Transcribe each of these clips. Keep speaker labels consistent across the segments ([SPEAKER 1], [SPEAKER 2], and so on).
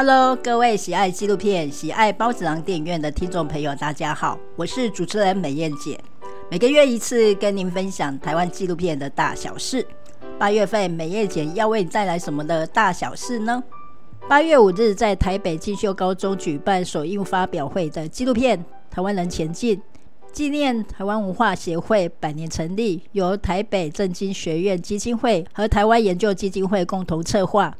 [SPEAKER 1] Hello，各位喜愛紀錄片、喜愛孢子囊電影院的聽眾朋友，大家好，我是主持人美艷姐。每個月一次跟您分享台灣紀錄片的大小事。八月份，美艷姐要為你帶來什麼的大小事呢？八月五日在台北靜修高中舉辦首映發表會的紀錄片《台灣人前進》，紀念台灣文化協會百年成立，由台北政經學院基金會和台灣研究基金會共同策劃。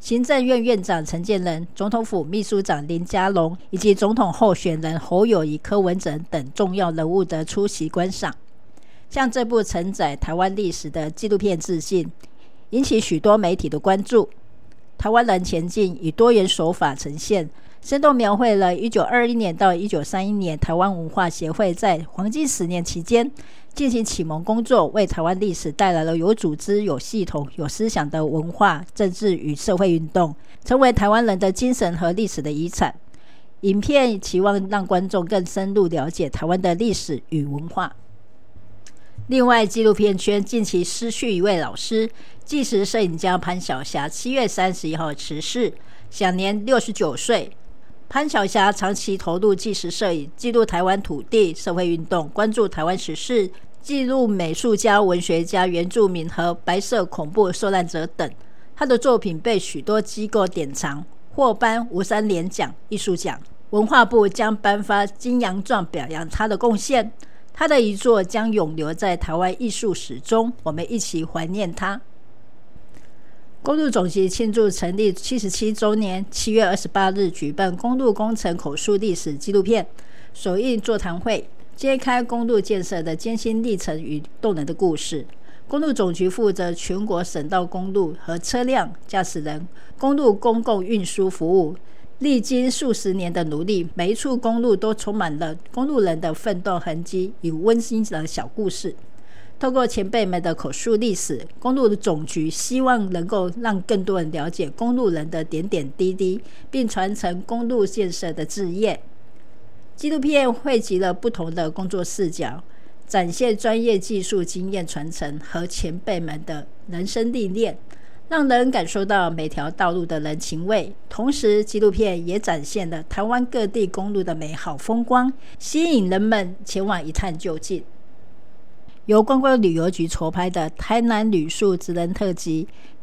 [SPEAKER 1] 行政院院長陳建仁、總統府秘書長林佳龍以及總統候選人侯友宜、柯文哲等重要人物的出席觀賞，向這部承載台灣歷史的紀錄片致敬，引起許多媒體的關注。台灣人前進以多元手法呈現。生動描繪了1921年到1931年台灣文化協會在黃金十年期間進行啟蒙工作，為台灣歷史帶來了有組織、有系統、有思想的文化、政治與社會運動，成為台灣人的精神和歷史的遺產。影片期望讓觀眾更深入了解台灣的歷史與文化。另外，紀錄片圈近期失去一位老師，紀實攝影家潘小俠，七月三十一號辭世，享年六十九歲。潘小俠長期投入紀實攝影，記錄台灣土地、社會運動，關注台灣時事，記錄美術家、文學家、原住民和白色恐怖受難者等。他的作品被許多機構典藏，獲頒吳三連獎、藝術獎。文化部將頒發旌揚狀表揚他的貢獻。他的遺作將永留在台灣藝術史中，我們一起懷念他。公路總局慶祝成立七十七週年，七月二十八日舉辦《公路工程口述歷史》紀錄片首映座談會，揭開公路建設的艱辛歷程與動人的故事。公路總局負責全國省道公路和車輛駕駛人公路公共運輸服務，歷經數十年的努力，每一處公路都充滿了公路人的奮鬥痕跡與溫馨的小故事。透過前輩們的口述歷史，公路的總局希望能夠讓更多人了解公路人的點點滴滴，並傳承公路建設的志業。紀錄片匯集了不同的工作視角，展現專業技術經驗傳承和前輩們的人生歷練，讓人感受到每條道路的人情味。同時，紀錄片也展現了台灣各地公路的美好風光，吸引人們前往一探究竟。由觀光旅遊局籌拍的《台南旅宿職人特輯》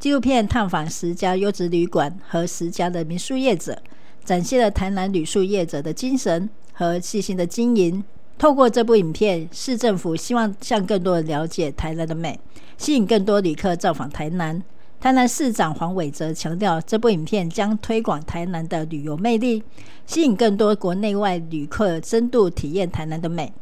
[SPEAKER 1] 紀錄片，探訪十家優質旅館和十家的民宿業者，展現了台南旅宿業者的精神和細心的經營。透過這部影片，市政府希望向更多人了解台南的美，吸引更多旅客造訪台南。台南市長黃偉哲強調，這部影片將推廣台南的旅遊魅力，吸引更多國內外旅客深度體驗台南的美。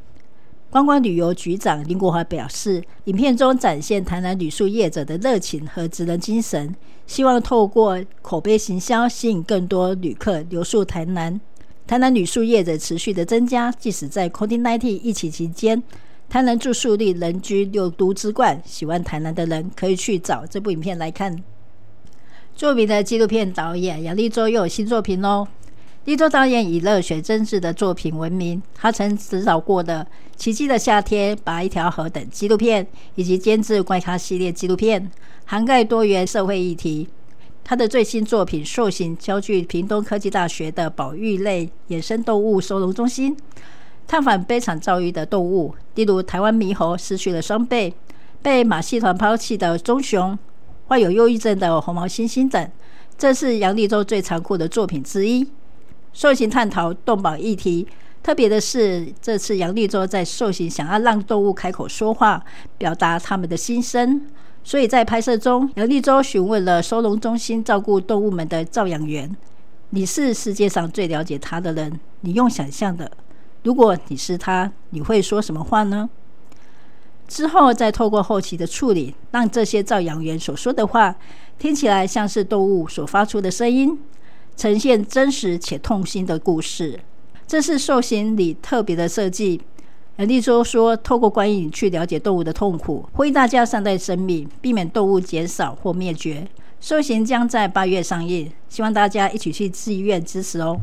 [SPEAKER 1] 觀光旅遊局長林國華表示，影片中展現台南旅宿業者的熱情和職人精神，希望透過口碑行銷，吸引更多旅客留宿台南。台南旅宿業者持續的增加，即使在 COVID-19 疫情期間，台南住宿率仍居六都之冠。喜歡台南的人可以去找這部影片來看。著名的紀錄片導演楊力州又有新作品嘍。李州導演以熱血真摯的作品聞名，他曾執導過的《奇蹟的夏天》、《拔一條河》等紀錄片，以及監制《怪咖》系列紀錄片，涵蓋多元社會議題。他的最新作品《獸行》，焦距屏東科技大學的保育類野生動物收容中心，探訪悲慘遭遇的動物，例如台灣獼猴失去了雙臂，被馬戲團拋棄的棕熊，患有憂鬱症的紅毛猩猩等，這是楊力州最殘酷的作品之一。獸行探討動保議題，特別的是，這次楊力州在獸行想要讓動物開口說話，表達他們的心聲。所以在拍攝中，楊力州詢問了收容中心照顧動物們的照養員：“你是世界上最了解他的人，你用想象的，如果你是他，你會說什麼話呢？”之後再透過後期的處理，讓這些照養員所說的話聽起來像是動物所發出的聲音。呈現真實且痛心的故事，這是《獸行》裡特別的設計。楊力州說：“透過觀影去了解動物的痛苦，呼籲大家善待生命，避免動物減少或滅絕。”《獸行》將在八月上映，希望大家一起去自願支持哦。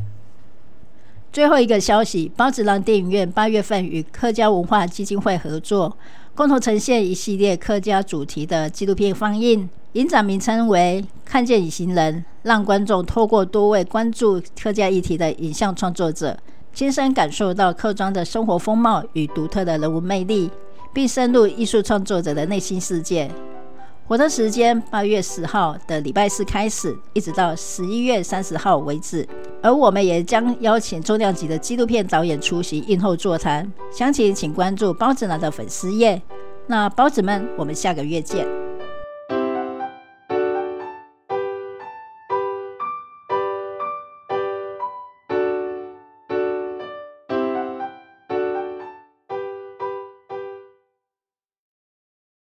[SPEAKER 1] 最後一個消息：孢子囊電影院八月份與客家文化基金會合作，共同呈現一系列客家主題的紀錄片放映。影展名稱為《看見隱形人》。讓觀眾透過多位關注客家議題的影像創作者，親身感受到客莊的生活風貌與獨特的人物魅力，並深入藝術創作者的內心世界。活動時間八月十號的禮拜四開始，一直到十一月三十號為止。而我們也將邀請重量級的紀錄片導演出席映後座談。詳情請，請關注孢子囊的粉絲頁。那孢子們，我們下個月見。